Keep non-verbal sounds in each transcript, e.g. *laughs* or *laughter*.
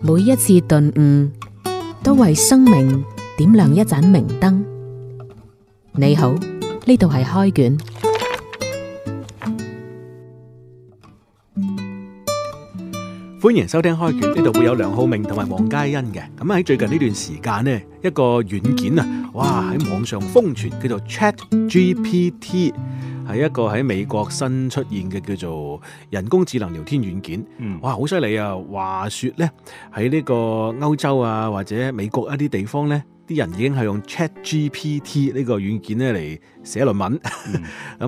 每一次頓悟，都為生命點亮一盞明燈。你好，呢度係開卷，歡迎收聽開卷。呢度會有梁浩明同埋黃佳欣嘅。咁喺最近呢段時間呢，一個軟件啊，哇喺網上瘋傳，叫做 ChatGPT。係一個喺美國新出現嘅叫做人工智能聊天軟件，嗯、哇！好犀利啊！話說咧，喺呢個歐洲啊或者美國一啲地方咧，啲人已經係用 ChatGPT 呢個軟件咧嚟寫論文。咁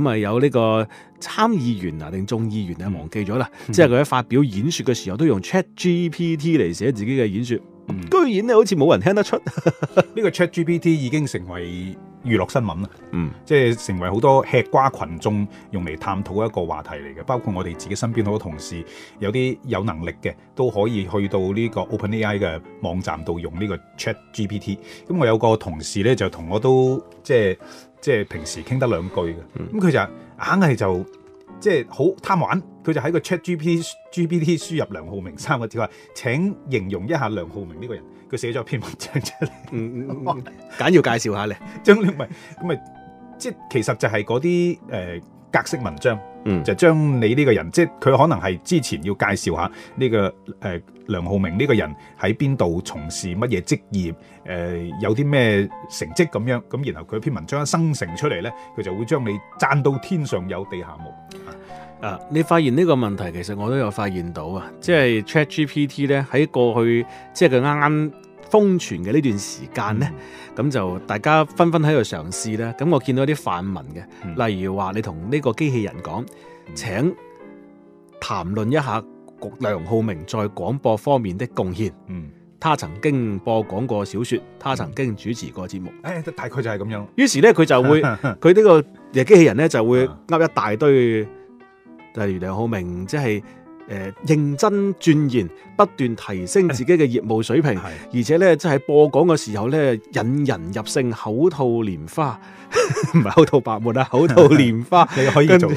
啊、嗯、 *laughs* 有呢個參議員啊定眾議員啊、嗯、忘記咗啦，即係佢喺發表演說嘅時候都用 ChatGPT 嚟寫自己嘅演說，嗯、居然咧好似冇人聽得出。呢 *laughs* 個 ChatGPT 已經成為娛樂新聞啦，嗯、即係成為好多吃瓜群眾用嚟探討一個話題嚟嘅，包括我哋自己身邊好多同事，有啲有能力嘅都可以去到呢個 OpenAI 嘅網站度用呢個 Chat GPT。咁、嗯、我有個同事咧就同我都即係即係平時傾得兩句嘅，咁、嗯、佢、嗯、就硬係就即係好貪玩，佢就喺個 Chat GPT GPT 輸入梁浩明三個字話：請形容一下梁浩明呢個人。佢寫咗篇文章出嚟、嗯嗯，簡要介紹一下介紹下咧，將你唔係咁咪，即係其實就係嗰啲誒格式文章，嗯，就將你呢個人，即係佢可能係之前要介紹下呢個誒梁浩明呢個人喺邊度從事乜嘢職業，誒有啲咩成績咁樣，咁然後佢篇文章一生成出嚟咧，佢就會將你讚到天上有地下冇。誒，uh，你發現呢個問題，其實我都有發現到啊，即係、嗯、Chat GPT 咧喺過去，即係佢啱啱封存嘅呢段時間咧，咁、嗯、就大家紛紛喺度嘗試咧。咁我見到啲範文嘅，嗯、例如話你同呢個機器人講，嗯、請談論一下局梁浩明在廣播方面的貢獻。嗯，他曾經播講過小說，他曾經主持過節目。誒、哎，大概就係咁樣。於是咧，佢就會，佢呢個嘅機器人咧就會噏一大堆。例如梁浩明，即係誒、呃、認真鑽研，不斷提升自己嘅業務水平，哎、的而且咧即係播講嘅時候咧，引人入勝，口吐蓮花，唔 *laughs* 係口吐白沫啊，口吐蓮花， *laughs* 你可以做。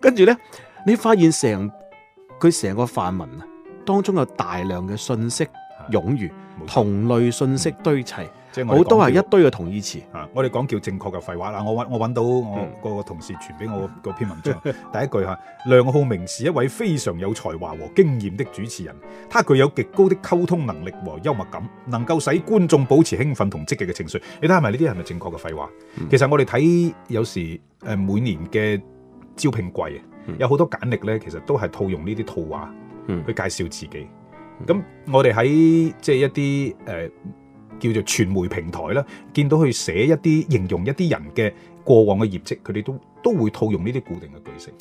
跟住咧，你發現成佢成個範文啊，當中有大量嘅信息冗餘，的同類信息堆砌。嗯好多係一堆嘅同義詞啊！我哋講叫正確嘅廢話啦。我揾我揾到我、嗯、個同事傳俾我個篇文章，嗯、第一句嚇，梁浩明是一位非常有才華和經驗的主持人，他具有極高的溝通能力和幽默感，能夠使觀眾保持興奮同積極嘅情緒。你睇下，咪呢啲係咪正確嘅廢話？嗯、其實我哋睇有時誒、呃、每年嘅招聘季，嗯、有好多簡歷咧，其實都係套用呢啲套話去介紹自己。咁、嗯嗯、我哋喺即係一啲誒。呃叫做傳媒平台啦，見到佢寫一啲形容一啲人嘅過往嘅業績，佢哋都都會套用呢啲固定嘅句式。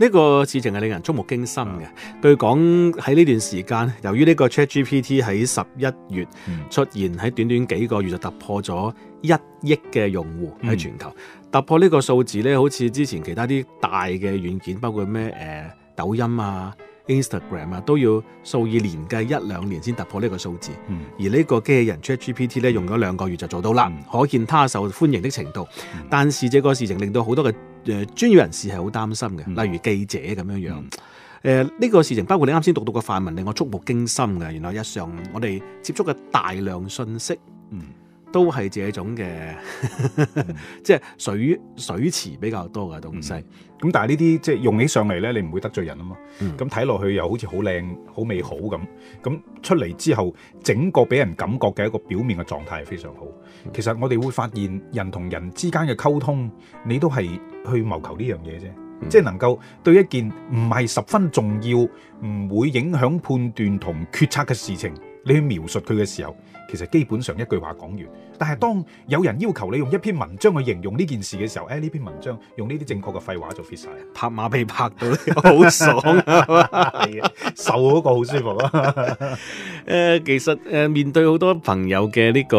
呢個事情係令人觸目驚心嘅。嗯、據講喺呢段時間，由於呢個 ChatGPT 喺十一月出現，喺短短幾個月就突破咗一億嘅用戶喺全球、嗯、突破呢個數字咧，好似之前其他啲大嘅軟件，包括咩誒、呃、抖音啊。Instagram 啊，都要數以年計一兩年先突破呢個數字，嗯、而呢個機器人 ChatGPT 咧用咗兩個月就做到啦，嗯、可見他受歡迎的程度。嗯、但是這個事情令到好多嘅誒、呃、專業人士係好擔心嘅，嗯、例如記者咁樣樣。誒呢、嗯呃，這個事情包括你啱先讀到嘅範文，令我觸目驚心嘅。原來日常我哋接觸嘅大量信息，嗯。都係這種嘅，即 *laughs* 係水、嗯、水池比較多嘅東西。咁、嗯、但係呢啲即係用起上嚟呢，你唔會得罪人啊嘛。咁睇落去又好似好靚、好美好咁。咁、嗯、出嚟之後，整個俾人感覺嘅一個表面嘅狀態係非常好。嗯、其實我哋會發現，人同人之間嘅溝通，你都係去謀求呢樣嘢啫。嗯、即係能夠對一件唔係十分重要、唔會影響判斷同決策嘅事情，你去描述佢嘅時候。其實基本上一句話講完，但係當有人要求你用一篇文章去形容呢件事嘅時候，誒、哎、呢篇文章用呢啲正確嘅廢話就 fit 晒，拍馬屁拍到你好 *laughs* 爽啊！係啊，受嗰個好舒服啊！誒 *laughs* ，uh, 其實誒、呃、面對好多朋友嘅、這個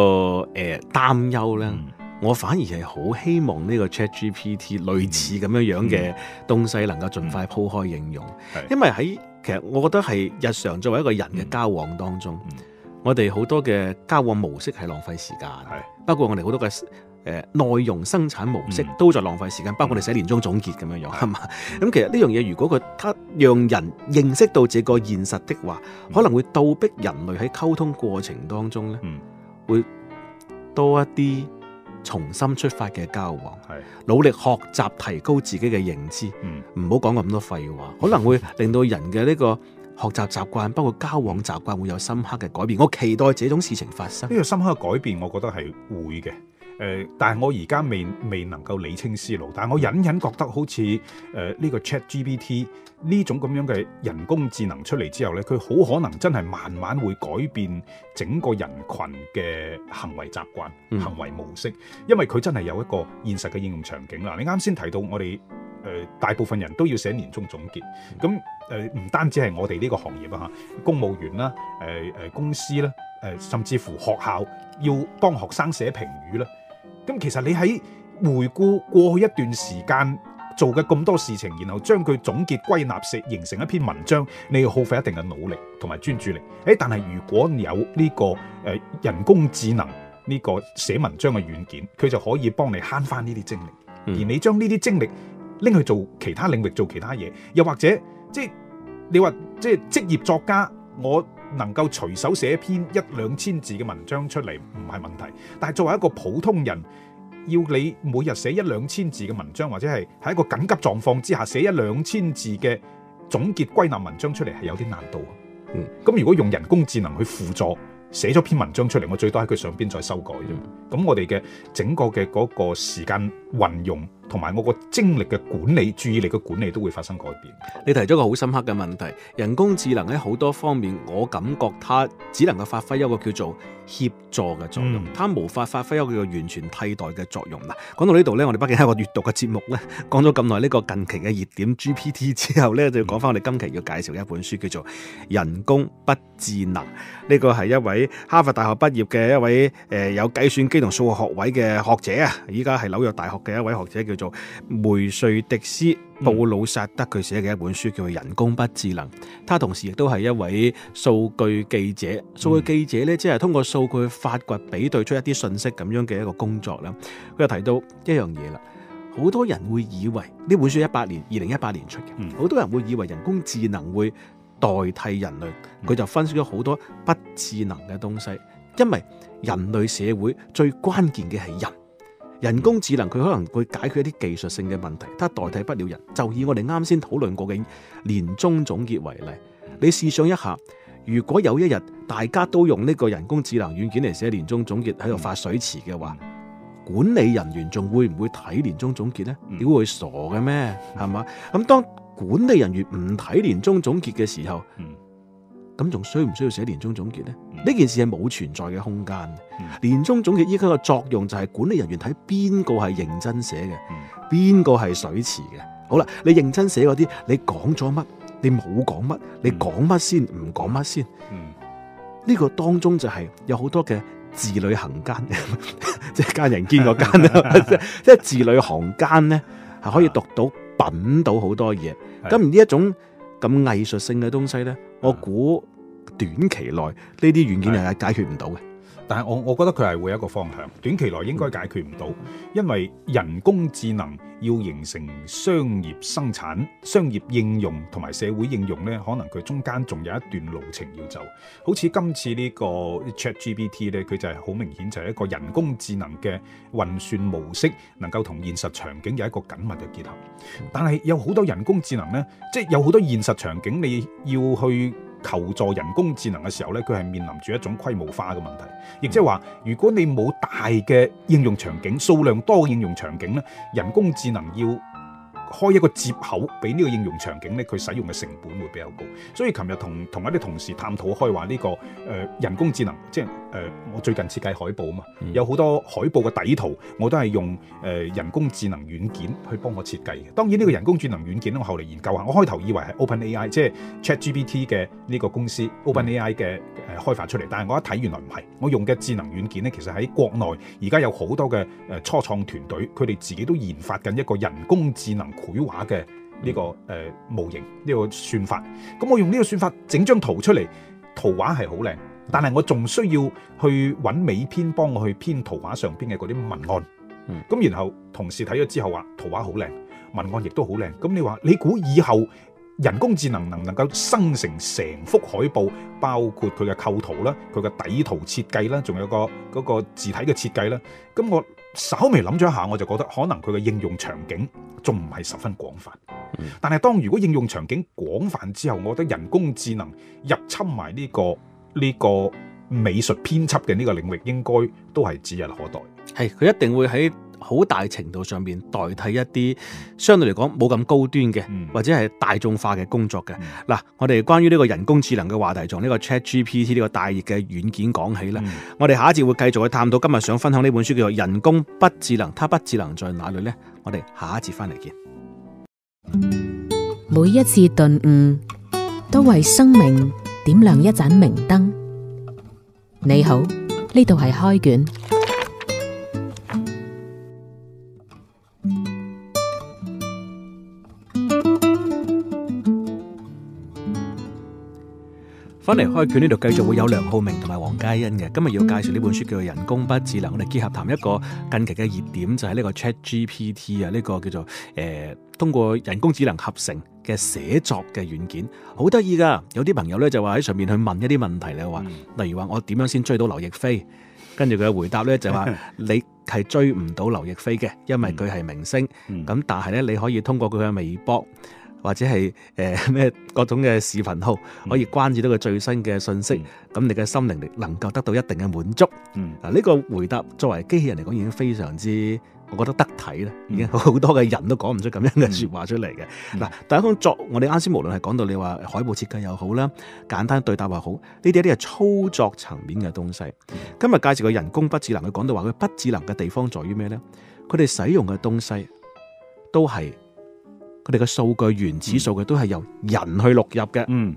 呃、呢個誒擔憂咧，嗯、我反而係好希望呢個 Chat GPT 類似咁樣樣嘅東西、嗯嗯、能夠盡快鋪開應用，嗯嗯、因為喺其實我覺得係日常作為一個人嘅交往當中。嗯嗯我哋好多嘅交往模式係浪費時間，係是包括我哋好多嘅誒、呃、內容生產模式都在浪費時間，嗯、包括我哋寫年終總結咁樣樣，係嘛？咁其實呢樣嘢如果佢，他讓人認識到這個現實的話，嗯、可能會倒逼人類喺溝通過程當中咧，嗯、會多一啲重新出發嘅交往，係、嗯、努力學習提高自己嘅認知，唔好講咁多廢話，嗯、可能會令到人嘅呢、這個。學習習慣，包括交往習慣會有深刻嘅改變。我期待這種事情發生呢個深刻嘅改變，我覺得係會嘅。誒、呃，但係我而家未未能夠理清思路，但係我隱隱覺得好似誒呢個 ChatGPT 呢種咁樣嘅人工智能出嚟之後呢，佢好可能真係慢慢會改變整個人群嘅行為習慣、嗯、行為模式，因為佢真係有一個現實嘅應用場景啦。你啱先提到我哋。呃、大部分人都要寫年終總結咁，呃、唔單止係我哋呢個行業啊，公務員啦、呃，公司咧，誒、呃、甚至乎學校要幫學生寫評語啦。咁其實你喺回顧過去一段時間做嘅咁多事情，然後將佢總結歸納成形成一篇文章，你要耗費一定嘅努力同埋專注力。誒，但係如果有呢個、呃、人工智能呢個寫文章嘅軟件，佢就可以幫你慳翻呢啲精力，而你將呢啲精力，拎去做其他領域做其他嘢，又或者即係你話即係職業作家，我能夠隨手寫一篇一兩千字嘅文章出嚟唔係問題。但係作為一個普通人，要你每日寫一兩千字嘅文章，或者係喺一個緊急狀況之下寫一兩千字嘅總結歸納文章出嚟係有啲難度。嗯，咁如果用人工智能去輔助寫咗篇文章出嚟，我最多喺佢上邊再修改啫。咁、嗯、我哋嘅整個嘅嗰個時間運用。同埋我個精力嘅管理、注意力嘅管理都會發生改變。你提咗個好深刻嘅問題，人工智能喺好多方面，我感覺它只能夠發揮一個叫做協助嘅作用，嗯、它無法發揮一個叫做完全替代嘅作用啦。講到呢度呢，我哋畢竟係一個閱讀嘅節目呢，講咗咁耐呢個近期嘅熱點 GPT 之後呢就要講翻我哋今期要介紹嘅一本書，叫做《人工不智能》。呢、這個係一位哈佛大學畢業嘅一位誒、呃、有計算機同數學學位嘅學者啊，依家係紐約大學嘅一位學者叫做梅瑞迪斯布魯薩德佢寫嘅一本書叫做《人工不智能》，他同時亦都係一位數據記者。數據記者咧，即係通過數據發掘、比對出一啲信息咁樣嘅一個工作啦。佢就提到一樣嘢啦，好多人會以為呢本書一八年，二零一八年出嘅，好、嗯、多人會以為人工智能會代替人類。佢就分析咗好多不智能嘅東西，因為人類社會最關鍵嘅係人。人工智能佢可能會解決一啲技術性嘅問題，但代替不了人。就以我哋啱先討論過嘅年終總結為例，你試想一下，如果有一日大家都用呢個人工智能軟件嚟寫年終總結，喺度發水池嘅話，嗯、管理人員仲會唔會睇年終總結呢？點會傻嘅咩？係嘛？咁當管理人員唔睇年終總結嘅時候。咁仲需唔需要寫年終總結呢？呢、嗯、件事係冇存在嘅空間。年、嗯、終總結依家個作用就係管理人員睇邊個係認真寫嘅，邊個係水池嘅。好啦，你認真寫嗰啲，你講咗乜？你冇講乜？嗯、你講乜先？唔講乜先？呢、嗯、個當中就係有好多嘅字裏行間，即係奸人奸嗰奸，即係字裏行間呢，係 *laughs* 可以讀到、 *laughs* 品到好多嘢。咁而呢一種。咁藝術性嘅東西咧，我估短期內呢啲軟件又係解決唔到嘅。但係我我覺得佢係會有一個方向，短期內應該解決唔到，因為人工智能要形成商業生產、商業應用同埋社會應用呢，可能佢中間仲有一段路程要走。好似今次這個呢個 ChatGPT 呢，佢就係好明顯就係一個人工智能嘅運算模式，能夠同現實場景有一個緊密嘅結合。但係有好多人工智能呢，即係有好多現實場景，你要去。求助人工智能嘅時候呢，佢係面臨住一種規模化嘅問題，亦即係話，如果你冇大嘅應用場景、數量多嘅應用場景呢，人工智能要，開一個接口俾呢個應用場景咧，佢使用嘅成本會比較高，所以琴日同同一啲同事探討開話呢個、呃、人工智能，即係、呃、我最近設計海報啊嘛，嗯、有好多海報嘅底圖我都係用、呃、人工智能軟件去幫我設計嘅。當然呢個人工智能軟件我後嚟研究下，我開頭以為係 OpenAI 即係 ChatGPT 嘅呢個公司、嗯、OpenAI 嘅誒、呃、開發出嚟，但係我一睇原來唔係，我用嘅智能軟件呢，其實喺國內而家有好多嘅、呃、初創團隊，佢哋自己都研發緊一個人工智能。繪畫嘅呢、這個誒、嗯呃、模型，呢、這個算法，咁我用呢個算法整張圖出嚟，圖畫係好靚，但係我仲需要去揾美編幫我去編圖畫上邊嘅嗰啲文案。咁、嗯、然後同事睇咗之後話，圖畫好靚，文案亦都好靚。咁你話你估以後人工智能能唔能夠生成成幅海報，包括佢嘅構圖啦，佢嘅底圖設計啦，仲有個嗰個字體嘅設計啦，咁我，稍微諗咗一下，我就覺得可能佢嘅應用場景仲唔係十分廣泛。嗯、但係當如果應用場景廣泛之後，我覺得人工智能入侵埋呢、呢個呢、呢個美術編輯嘅呢個領域，應該都係指日可待。係，佢一定會喺。好大程度上面代替一啲相對嚟講冇咁高端嘅，或者係大眾化嘅工作嘅。嗱、嗯，我哋關於呢個人工智能嘅話題，從呢個 ChatGPT 呢個大熱嘅軟件講起啦。嗯、我哋下一節會繼續去探討。今日想分享呢本書叫做《人工不智能》，它不智能在哪裏呢？我哋下一節翻嚟見。每一次頓悟，都為生命點亮一盞明燈。你好，呢度係開卷。翻嚟開卷呢度繼續會有梁浩明同埋黃嘉欣嘅，今日要介紹呢本書叫做《人工不智能》，我哋結合談一個近期嘅熱點，就係、是、呢個 ChatGPT 啊，呢個叫做誒、呃、通過人工智能合成嘅寫作嘅軟件，好得意噶。有啲朋友咧就話喺上面去問一啲問題，你話例如話我點樣先追到劉亦菲，跟住佢嘅回答咧就話你係追唔到劉亦菲嘅，因為佢係明星。咁但係咧你可以通過佢嘅微博。或者係誒咩各種嘅視頻號，嗯、可以關注到佢最新嘅信息，咁、嗯、你嘅心靈力能夠得到一定嘅滿足。嗯，嗱呢個回答作為機器人嚟講已經非常之，我覺得得體啦。嗯、已經好多嘅人都講唔出咁樣嘅説話出嚟嘅。嗱、嗯，嗯、第一種作，我哋啱先無論係講到你話海報設計又好啦，簡單對答又好，呢啲係啲係操作層面嘅東西。嗯、今日介紹個人工不智能，佢講到話佢不智能嘅地方在於咩咧？佢哋使用嘅東西都係。佢哋嘅數據原始數據都係由人去錄入嘅，嗯，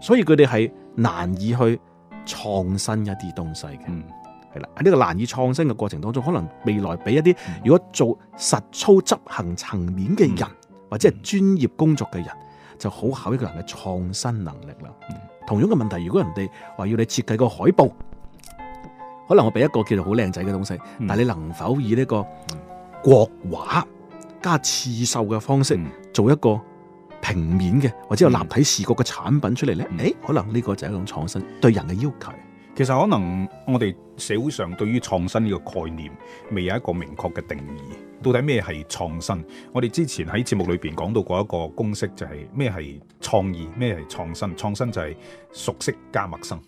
所以佢哋係難以去創新一啲東西嘅，係啦、嗯。喺呢個難以創新嘅過程當中，可能未來俾一啲如果做實操執行層面嘅人，嗯、或者係專業工作嘅人，就好考一個人嘅創新能力啦。嗯、同樣嘅問題，如果人哋話要你設計個海報，可能我俾一個叫做好靚仔嘅東西，嗯、但你能否以呢個國畫？加刺繡嘅方式，做一個平面嘅，或者有立體視覺嘅產品出嚟咧，嗯、誒，可能呢個就係一種創新，對人嘅要求。其實可能我哋社會上對於創新呢個概念未有一個明確嘅定義，到底咩係創新？我哋之前喺節目裏邊講到過一個公式，就係咩係創意，咩係創新？創新就係熟悉加陌生。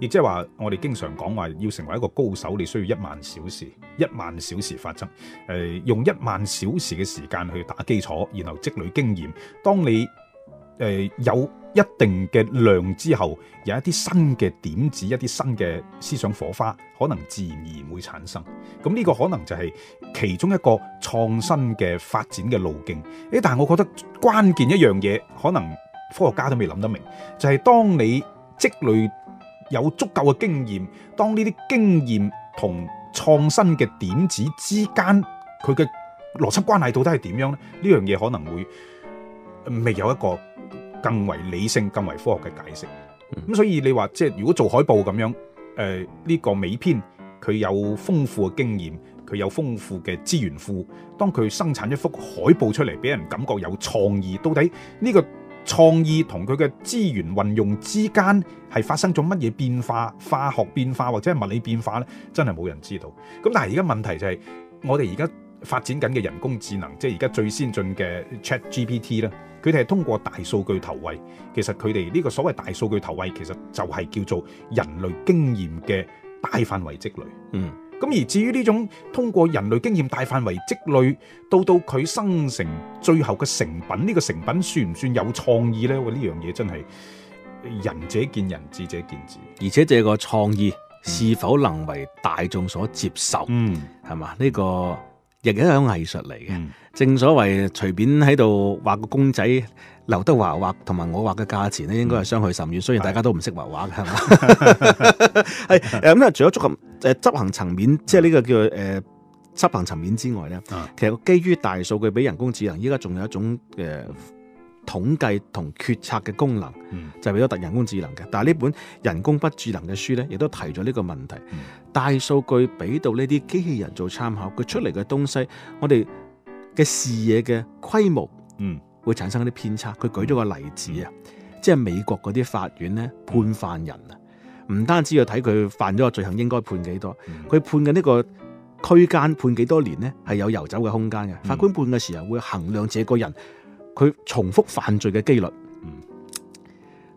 亦即係話，我哋經常講話要成為一個高手，你需要一萬小時，一萬小時發執、呃、用一萬小時嘅時間去打基礎，然後積累經驗。當你、呃、有一定嘅量之後，有一啲新嘅點子，一啲新嘅思想火花，可能自然而然會產生。咁呢個可能就係其中一個創新嘅發展嘅路徑。欸、但係我覺得關鍵一樣嘢，可能科學家都未諗得明，就係、是、當你積累，有足夠嘅經驗，當呢啲經驗同創新嘅點子之間，佢嘅邏輯關係到底係點樣呢？呢樣嘢可能會未有一個更為理性、更為科學嘅解釋。咁、嗯、所以你話即係如果做海報咁樣，誒、呃、呢、呢個美編佢有豐富嘅經驗，佢有豐富嘅資源庫，當佢生產一幅海報出嚟，俾人感覺有創意，到底呢、呢個？創意同佢嘅資源運用之間係發生咗乜嘢變化？化學變化或者係物理變化呢？真係冇人知道。咁但係而家問題就係，我哋而家發展緊嘅人工智能，即係而家最先進嘅 ChatGPT 咧，佢哋係通過大數據投喂。其實佢哋呢個所謂大數據投喂，其實就係叫做人類經驗嘅大範圍積累。嗯。咁而至於呢種通過人類經驗大範圍積累，到到佢生成最後嘅成品，呢、這個成品算唔算有創意呢？我呢樣嘢真係仁者見仁，智者見智。而且這個創意是否能為大眾所接受？嗯，係嘛？呢、這個、嗯亦係一種藝術嚟嘅，嗯、正所謂隨便喺度畫個公仔，劉德華畫同埋我畫嘅價錢咧，應該係相去甚遠。雖然大家都唔識畫畫嘅，係誒咁啊！除咗足誒執行層面，即係呢個叫誒執、呃、行層面之外咧，的其實基於大數據俾人工智能，依家仲有一種誒。呃統計同決策嘅功能，嗯、就俾咗突人工智能嘅。但係呢本人工不智能嘅書呢，亦都提咗呢個問題。嗯、大數據俾到呢啲機器人做參考，佢出嚟嘅東西，我哋嘅視野嘅規模，嗯，會產生一啲偏差。佢、嗯、舉咗個例子啊，嗯嗯、即係美國嗰啲法院呢，判犯人啊，唔、嗯、單止要睇佢犯咗個罪行應該判幾多，佢、嗯、判嘅呢個區間判幾多年呢係有遊走嘅空間嘅。嗯、法官判嘅時候會衡量這個人，佢重複犯罪嘅機率，嗯、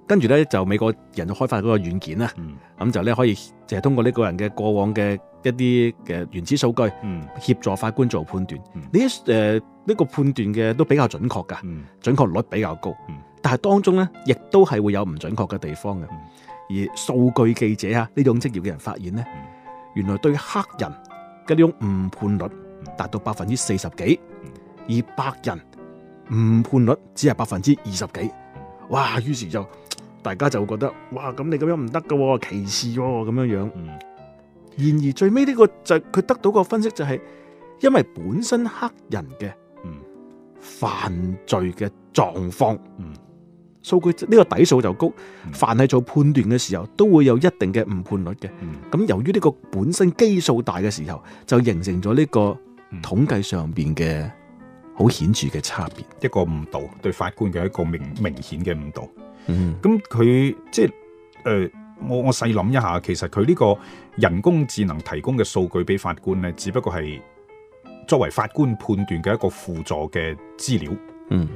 跟住咧就美國人就開發咗個軟件啦，咁、嗯、就咧可以就係通過呢個人嘅過往嘅一啲嘅原始數據，嗯、協助法官做判斷。呢一誒呢個判斷嘅都比較準確噶，嗯、準確率比較高，嗯、但係當中咧亦都係會有唔準確嘅地方嘅。嗯、而數據記者啊呢種職業嘅人發現咧，嗯、原來對黑人嘅呢種誤判率達到百分之四十幾，嗯、而白人。誤判率只係百分之二十幾，哇！於是就大家就會覺得，哇，咁你咁樣唔得噶，歧視咁、啊、樣樣。嗯、然而最尾呢個就佢得到個分析就係，因為本身黑人嘅、嗯、犯罪嘅狀況，數據呢個底數就高，嗯、凡係做判斷嘅時候都會有一定嘅誤判率嘅。咁、嗯、由於呢個本身基數大嘅時候，就形成咗呢個統計上邊嘅。嗯好顯著嘅差別，一個誤導對法官嘅一個明明顯嘅誤導。嗯，咁佢即係誒、呃，我我細諗一下，其實佢呢個人工智能提供嘅數據俾法官呢，只不過係作爲法官判斷嘅一個輔助嘅資料。嗯。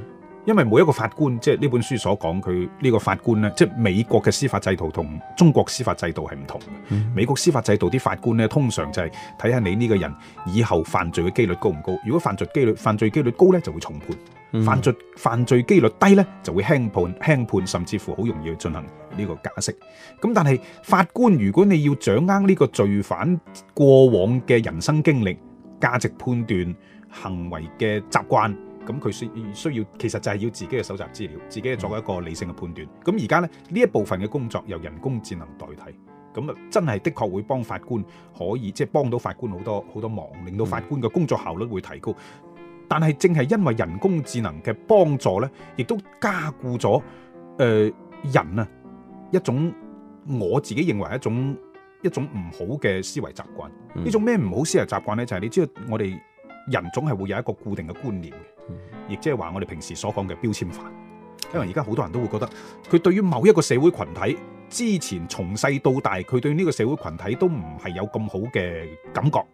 因為每一個法官，即係呢本書所講佢呢個法官呢，即係美國嘅司法制度同中國司法制度係唔同嘅。美國司法制度啲法官呢，通常就係睇下你呢個人以後犯罪嘅幾率高唔高。如果犯罪幾率犯罪幾率高呢，就會重判；嗯、犯罪犯罪幾率低呢，就會輕判輕判，甚至乎好容易去進行呢個假釋。咁但係法官，如果你要掌握呢個罪犯過往嘅人生經歷、價值判斷、行為嘅習慣。咁佢需需要，其實就係要自己嘅搜集資料，自己作為一個理性嘅判斷。咁而家呢，呢一部分嘅工作由人工智能代替，咁啊真係的確會幫法官可以即係幫到法官好多好多忙，令到法官嘅工作效率會提高。嗯、但係正係因為人工智能嘅幫助咧，亦都加固咗誒、呃、人啊一種我自己認為一種一種唔好嘅思維習慣呢種咩唔好思維習慣咧，就係、是、你知道我哋人總係會有一個固定嘅觀念。亦即係話，我哋平時所講嘅標籤法，因為而家好多人都會覺得，佢對於某一個社會群體之前從細到大，佢對呢個社會群體都唔係有咁好嘅感覺，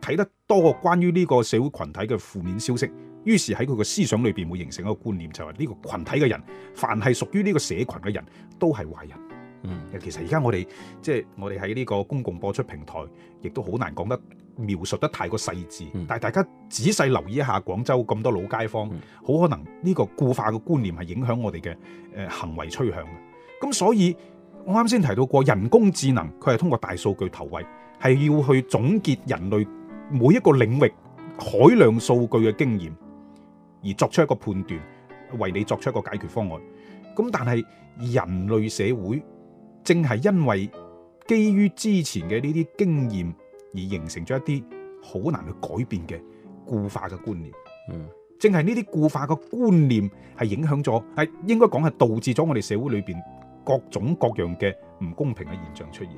睇、嗯、得多關於呢個社會群體嘅負面消息，於是喺佢嘅思想裏邊會形成一個觀念，就係、是、呢個群體嘅人，凡係屬於呢個社群嘅人都係壞人。嗯，其實而家我哋即係我哋喺呢個公共播出平台，亦都好難講得描述得太過細緻。嗯、但係大家仔細留意一下，廣州咁多老街坊，好、嗯、可能呢個固化嘅觀念係影響我哋嘅誒行為趨向嘅。咁所以我啱先提到過人工智能，佢係通過大數據投餵，係要去總結人類每一個領域海量數據嘅經驗，而作出一個判斷，為你作出一個解決方案。咁但係人類社會。正係因為基於之前嘅呢啲經驗而形成咗一啲好難去改變嘅固化嘅觀念，嗯，正係呢啲固化嘅觀念係影響咗，係應該講係導致咗我哋社會裏邊各種各樣嘅唔公平嘅現象出現。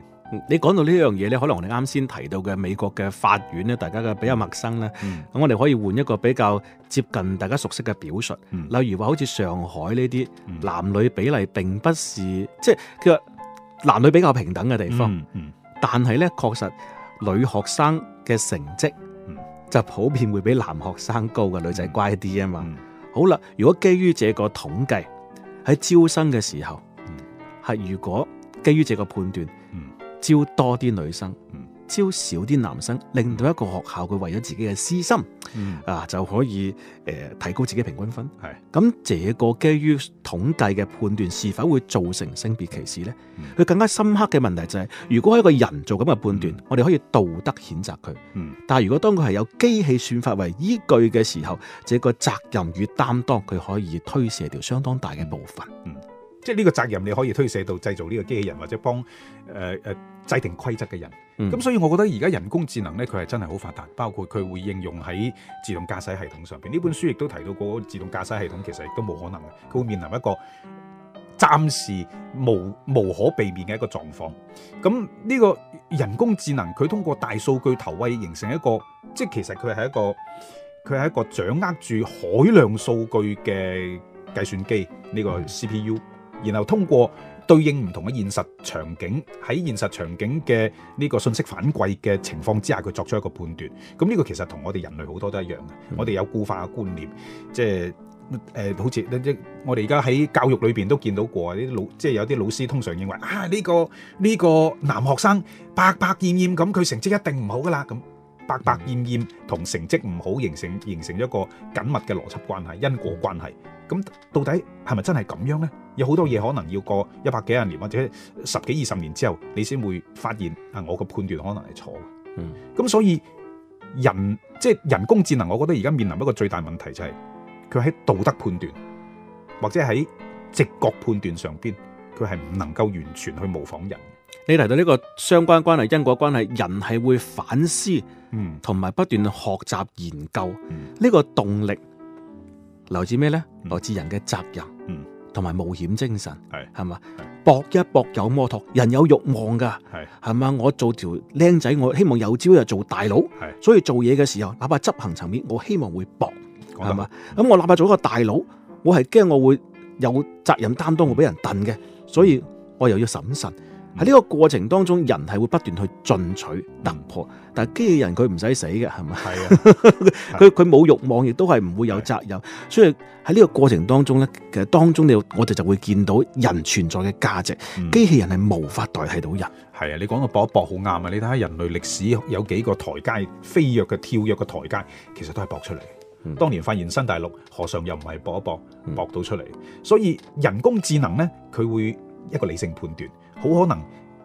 你講到呢樣嘢咧，可能我哋啱先提到嘅美國嘅法院咧，大家嘅比較陌生啦，咁、嗯、我哋可以換一個比較接近大家熟悉嘅表述，嗯、例如話好似上海呢啲男女比例並不是、嗯、即係男女比較平等嘅地方，嗯嗯、但係呢確實女學生嘅成績就普遍會比男學生高嘅，女仔乖啲啊嘛。嗯、好啦，如果基於這個統計，喺招生嘅時候，係、嗯、如果基於這個判斷，嗯、招多啲女生。招少啲男生，令到一個學校佢為咗自己嘅私心、嗯、啊就可以誒、呃、提高自己嘅平均分。係咁的，這個基於統計嘅判斷，是否會造成性別歧視呢？佢、嗯、更加深刻嘅問題就係、是，如果一個人做咁嘅判斷，嗯、我哋可以道德譴責佢。嗯，但係如果當佢係有機器算法為依據嘅時候，這個責任與擔當佢可以推卸掉相當大嘅部分。嗯即係呢個責任，你可以推卸到製造呢個機器人，或者幫誒誒、呃、制定規則嘅人。咁、嗯、所以，我覺得而家人工智能咧，佢係真係好發達，包括佢會應用喺自動駕駛系統上邊。呢、嗯、本書亦都提到過，自動駕駛系統其實亦都冇可能嘅，佢會面臨一個暫時無無可避免嘅一個狀況，咁呢個人工智能，佢通過大數據投餵形成一個，即係其實佢係一個佢係一個掌握住海量數據嘅計算機呢、嗯、個 CPU。然後通過對應唔同嘅現實場景，喺現實場景嘅呢個信息反饋嘅情況之下，佢作出一個判斷。咁、這、呢個其實同我哋人類好多都一樣嘅。嗯、我哋有固化嘅觀念，即係誒、呃，好似我哋而家喺教育裏邊都見到過啊！啲老即係有啲老師通常認為啊，呢、這個呢、這個男學生白白厭厭咁，佢成績一定唔好㗎喇。咁白白厭厭同成績唔好形成形成一個緊密嘅邏輯關係、因果關係。咁到底係咪真係咁樣呢？有好多嘢可能要過一百幾廿年或者十幾二十年之後，你先會發現啊，我嘅判斷可能係錯嘅。嗯，咁所以人即係、就是、人工智能，我覺得而家面臨一個最大問題就係佢喺道德判斷或者喺直覺判斷上邊，佢係唔能夠完全去模仿人。你提到呢個相關關係、因果關係，人係會反思，嗯，同埋不斷學習研究，嗯，呢個動力來自咩呢？來自人嘅責任，嗯。同埋冒險精神，係係嘛，搏吧是一搏有摩托，人有慾望噶，係係嘛，我做條僆仔，我希望有朝日做大佬，是所以做嘢嘅時候，哪怕執行層面，我希望會搏，係嘛？咁我哪怕做一個大佬，我係驚我會有責任擔當我會俾人彈嘅，所以我又要審慎。喺呢個過程當中，人係會不斷去進取突破。但係機器人佢唔使死嘅，係咪？係啊，佢佢冇慾望，亦都係唔會有責任。啊、所以喺呢個過程當中咧，其實當中你我哋就會見到人存在嘅價值。機、嗯、器人係無法代替到人係啊。你講到搏一搏好啱啊！你睇下人類歷史有幾個台階飛躍嘅跳躍嘅台階，其實都係搏出嚟。嗯、當年發現新大陸，何嘗又唔係搏一搏搏到出嚟？所以人工智能咧，佢會一個理性判斷。好可能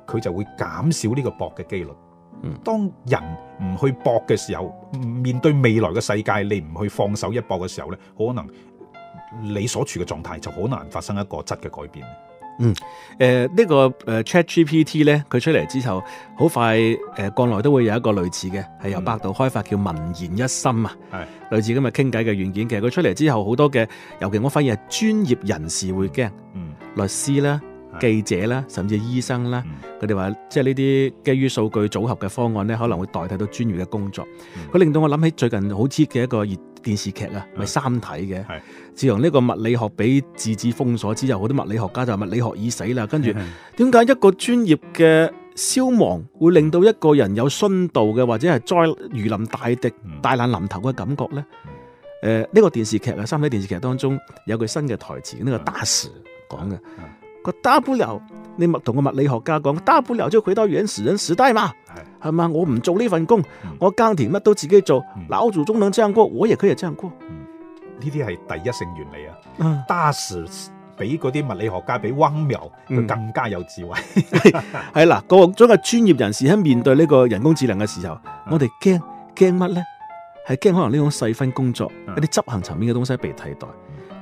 佢就會減少呢個搏嘅機率。嗯，當人唔去搏嘅時候，面對未來嘅世界，你唔去放手一搏嘅時候咧，好可能你所處嘅狀態就好難發生一個質嘅改變。嗯，誒、呃這個、呢個誒 ChatGPT 咧，佢出嚟之後很，好快誒國內都會有一個類似嘅，係由百度開發叫文言一心啊。係、嗯、類似今日傾偈嘅軟件，其實佢出嚟之後，好多嘅，尤其我發現係專業人士會驚、嗯，嗯，律師咧。記者啦，甚至係醫生啦，佢哋話即係呢啲基於數據組合嘅方案呢，可能會代替到專業嘅工作。佢令到我諗起最近好似嘅一個熱電視劇啊，咪三體嘅。自從呢個物理學俾智子封鎖之後，好多物理學家就話物理學已死啦。跟住點解一個專業嘅消亡會令到一個人有殉道嘅或者係災如臨大敵、大難臨頭嘅感覺呢？誒，呢個電視劇啊，三體電視劇當中有句新嘅台詞，呢個大史講嘅。佢 W，不了，你咪同個物理學家講，大不了就回到原始人時代嘛，係嘛？我唔做呢份工，嗯、我耕田乜都自己做，老祖宗能這樣過，我亦可以這樣過。呢啲係第一性原理啊！當 h、嗯、比嗰啲物理學家比温 e 佢更加有智慧。係啦、嗯， *laughs* 各種嘅專業人士喺面對呢個人工智能嘅時候，嗯、我哋驚驚乜咧？係驚可能呢種細分工作、嗯、一啲執行層面嘅東西被替代。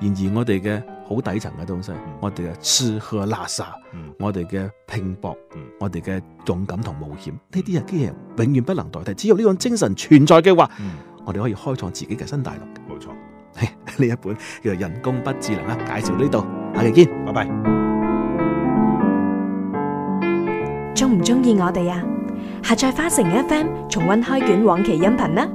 然而我哋嘅好底層嘅東西，嗯、我哋嘅吃喝拉撒，嗯、我哋嘅拼搏，嗯、我哋嘅勇敢同冒險，呢啲嘢機器人永遠不能代替。只要呢種精神存在嘅話，嗯、我哋可以開創自己嘅新大陸。冇錯，呢 *laughs* 一本叫《人工不智能》啊，介紹到呢度，下期見，拜拜。中唔中意我哋啊？下載花城 FM 重溫開卷往期音頻呢、啊。